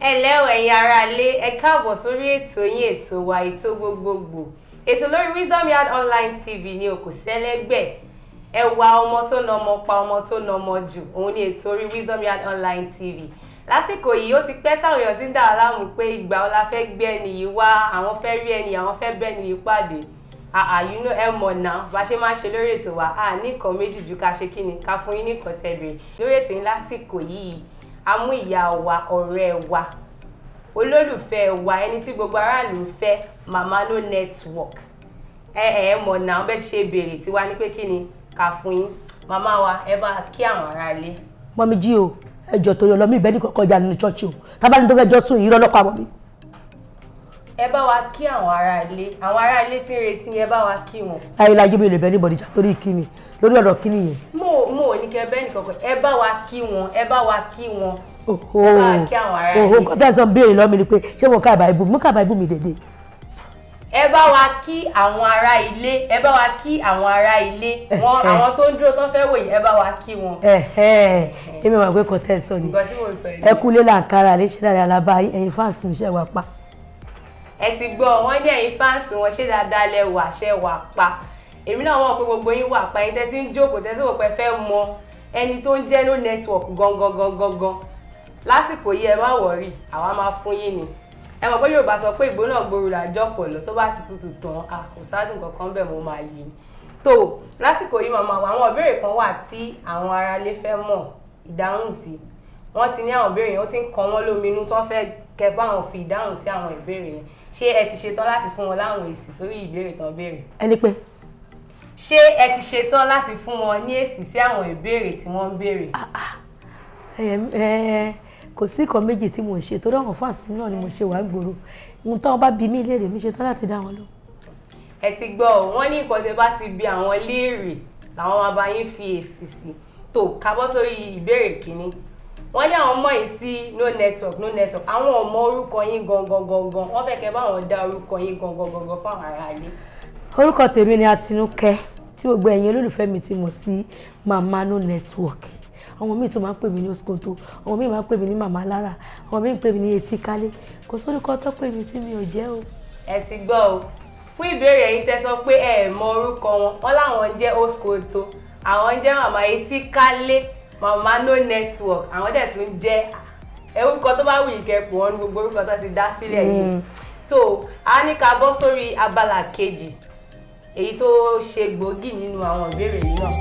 ẹ lẹ́ o ẹ̀yin aráalé ẹ káàbọ̀ sórí ètò yín ètò wa ètò gbogbogbò ètò lórí Wisdom Yard online tv ni o kò sẹ́lẹ́gbẹ̀ ẹ wá ọmọ tó nà ọmọ pa ọmọ tó nà ọmọ jù òun ni ètò orí Wisdom Yard online tv lásìkò yìí ó ti pẹ́ táwọn èèyàn ti ń dà wá láàmú pé ìgbà ọ̀la fẹ́ gbé ẹni yìí wá àwọn fẹ́ rí ẹni àwọn fẹ́ bẹ́ni yìí pàdé àyú náà ẹ mọ̀ náà bá ṣe máa ṣe lórí ètò wa a ní nǹkan méjì ju ká ṣe kí ni ká fún yín nìkan tẹ̀bẹ̀rẹ̀ lórí ètò yín lásìkò yìí amú ìyá wa ọ̀rẹ́ wa olólùfẹ́ wa ẹni tí gbogbo aráàlú ń fẹ́ màmá no network ẹ ẹ mọ̀ náà bẹ́ẹ̀ ti ṣe béèrè tiwa ní pé kí ni ká fún yín màmá wa ẹ bá kí àwọn aráalé. mọ́mí jí o ẹjọ́ torí ọlọ́mí ìbẹ́ni kọjá nínú ṣọ́ọ̀ṣì o tábàlì tó fẹ́ jọ sùn yìí lọ́lọ́pàá mọ́mí ẹ bá wa kí àwọn ará ilé àwọn ará tí ń retí ẹ bá wa kí wọn. láyé láyé mi ò lè bẹ níbọdìjà torí kíni lórí ọ̀rọ̀ kíni yẹn. mo mò ń ní kẹ bẹ́ẹ̀ nìkan kan ẹ bá wa kí wọn ẹ bá wa kí wọn ẹ bá wa kí àwọn ará yìí. nǹkan tẹ́ ẹ sọ ń béèrè lọ́mi ni pé ṣé mo ká Bible mo ká Bible mi dédé. ẹ bá wa kí àwọn ará ilé ẹ bá wa kí àwọn ará ilé wọn àwọn tó ń dúró tó ń fẹ́ wòye ẹ bá wa kí wọn. ẹ ẹ èmi wà pé kò sọ ni ẹ kú lé làǹkárá lè ṣe dáadáa alábá ẹ̀yin fáǹsì mi ṣe wà pa. ẹ ti gbọ́ wọ́n ní ẹ̀yin fáǹsì wọn ṣe dáadáa èmi náà mọ̀ pé gbogbo yín wà pa ẹni tẹ́ ti ń jókòó tẹ́ sí wò pé fẹ́ mọ ẹni tó ń jẹ́ ló network gangan gangan gan lásìkò yìí ẹ má wọ̀rí àwa máa fún yín ni ẹ mọ̀ pé Yorùbá sọ pé ìgbóná gbòòrò làjọ pọ̀lọ́ tó bá ti tutù tán a kò sádùn kankan bẹ́ẹ̀ mo máa yí tó lásìkò yìí màmá àwọn ìbéèrè kan wà tí àwọn aráalé fẹ́ mọ̀ ìdáhùn sí wọ́n ti ní àwọn ìbéèrè yẹn ó ti ń kọ wọ́n lóminú tó fẹ́ kẹ́ bá àwọn fi ìdáhùn sí àwọn ìbéèrè yẹn ṣé ẹ ti ṣetán láti fún wọn láwọn èsì sórí ìbéèrè tán béèrè. ẹni pé ṣé ẹ ti ṣetán láti fún wọn ní èsì sí àwọn ìbéèrè tí wọ́n ń béèrè. Ah, ah. kò sí nǹkan méjì tí mò ń ṣe torí àwọn fáǹsì náà ni mo ṣe wà ń gbòòrò ohun táwọn bá bi mí léèrè mi ṣetán láti dá wọn lọ. ẹ ti gbọ́ wọ́n ní nǹkan tẹ bá ti bi àwọn léèrè làwọn máa bá yín fi èsì sí tó kábọ́ sórí ìbéèrè kìíní wọ́n ní àwọn mọ̀ yìí sí no network no network àwọn ò mọ orúkọ yín gangan gangan wọ́n fẹ́ kẹ́ bá wọn dá orúkọ yín gangan gangan fún àwọn aráalé orúkọ tèmi ni Àtinúkẹ́ tí gbogbo ẹ̀yin olólùfẹ́ mi ti mọ̀ sí mama no network àwọn míì tó máa ń pè mí ní oskonto àwọn míì máa ń pè mí ní mama lára àwọn míì ń pè mí ní etí kálé kò sórúkọ tó pè mí tí mi ò jẹ́ o. ẹ ti gbọ́ o fún ìbéèrè ẹ̀yin tẹ́ sọ pé ẹ mọ orúkọ wọn wọn láwọn jẹ́ oskonto àwọn jẹ́ mama etí kálé mama no network àwọn dẹ̀ tún jẹ́ orúkọ tó bá wù yìí kẹ́pọ̀ wọn ní gbogbo orúkọ tó ti dá sílẹ̀ yìí hmm. so a ní ká bọ́ sórí abala kejì èyí tó ṣe gbòógì nínú àwọn ìbéèrè yìí náà.